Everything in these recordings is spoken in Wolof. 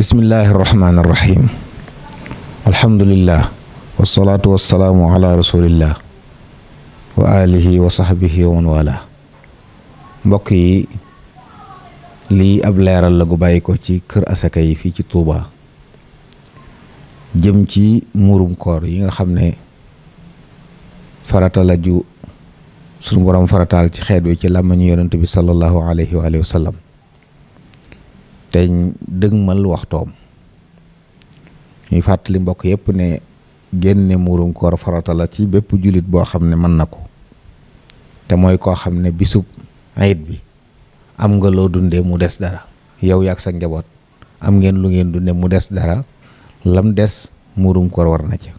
بسم الله الرحمن الرحيم الحمد لله والصلاة والسلام على رسول الله وآله وصحبه ومن والاه بقي لي أبلير اللغو بايكو تي كر أسكي في تي طوبا جمتي مورم كور ينغ خمني فرات الله جو سنبورم فرات الله تي خيدوي تي لامن يورنت بي صلى الله عليه وآله وسلم te dëgmal waxtoom ñuy fàttali mbokk yépp ne génne muurum koor farata la ci bépp jullit boo xam ne mën na ko te mooy koo xam ne bisub ayit bi am nga loo dunde mu des dara yow yaag sa njaboot am ngeen lu ngeen dunde mu des dara lam des muurum koor war na ca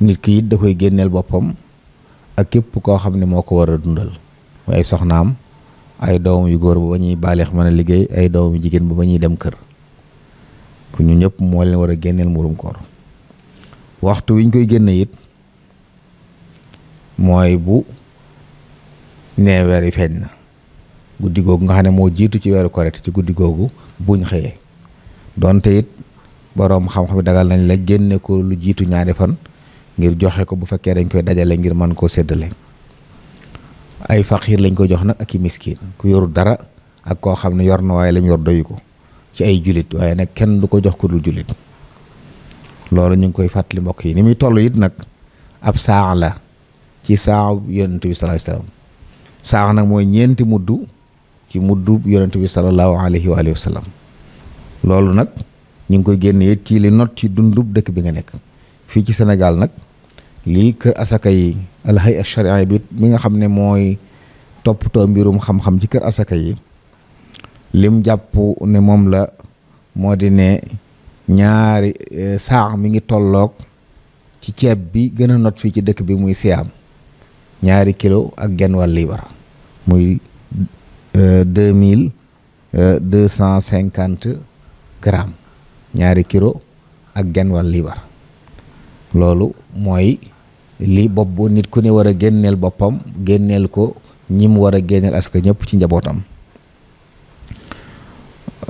nit ki it da koy génneel boppam ak képp koo xam ne moo ko war a dundal waaye soxnaam ay doom yu góor ba ba ñuy baaleex mën a liggéey ay doomu jigéen ba ba ñuy dem kër ku ñu ñëpp moo leen war a génneel murum koor waxtu wiñ koy génne it mooy bu nee weer yi feeñ na guddi googu nga xam ne moo jiitu ci weeru korite ci guddi googu buñ xëyee donte it boroom xam-xam dagal nañ la génne ko lu jiitu ñaari fan ngir joxe ko bu fekkee dañ koy dajale ngir mën koo seddale ay fakhir lañ ko jox nak ak miskin ku yor dara ak ko xamne yor na way lam yor doyu ko ci ay julit waaye nak ken du ko jox ko dul julit lolu ñu koy fatali mbokk yi ni mi tollu it nak ab saa ci sa'u yonente bi sallallahu alayhi wasallam saa nag mooy ñeenti muddu ci muddu yonente bi sallallahu alayhi wa alihi wasallam lolu nak ñu koy genn it ci li not ci dundub dekk bi nga nek fi ci senegal nak li kër asaka yi alhay sharia bi mi nga xam ne mooy toppatoo mbirum xam-xam ci kër asaka yi lim jàpp ne moom la moo di ne ñaari eh, saax mi ngi tollook ci ceeb bi gën a not fii ci dëkk bi muy siyaam ñaari kilo ak genn wàll liibar muy eh, deux mille eh, deux cent cinquante grammes ñaari kilo ak genn wàll liibar loolu mooy lii bopp bu nit ku ne war a génneel boppam génneel ko ñim war a génneel askan ñëpp ci njabootam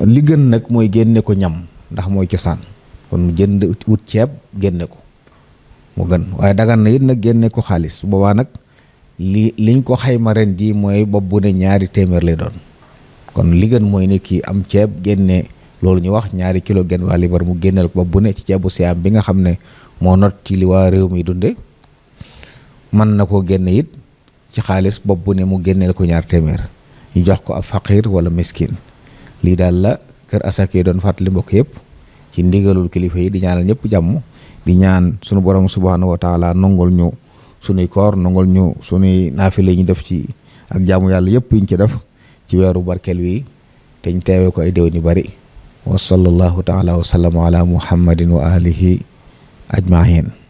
li gën nag mooy génne ko ñam ndax mooy cosaan kon jënd wut ceeb génne ko mu gën waaye dagan na nag génne ko xaalis boobaa nag li liñ ko xayma ren jii mooy bopp bu ne ñaari téeméer lay doon kon li gën mooy nit ki am ceeb génne loolu ñu wax ñaari kilo genn waa libar mu génneel ko bopp bu ne ci ceebu siyaam bi nga xam ne moo not ci li waa réew mi dunde Man nako genn yit ci xaalis bop bu ne mu gennel ko ñaar téeméer ñu jox ko ab faqir wala miskin li dal la kër asak don fat fàttali mbokk yëpp ci ndigalul kilifa yi di ñaanal ñepp jamm di ñaan suñu borom subhanahu wa taala nongol ñu suñu koor nyu ñu suñu naafila ñi def ci ak jaamu yalla yépp yiñ ci def ci wéru barkel wi te téwé ko ay déw ni bari wa sallallahu taala wa sallama ala muhammadin wa alihi ajma'in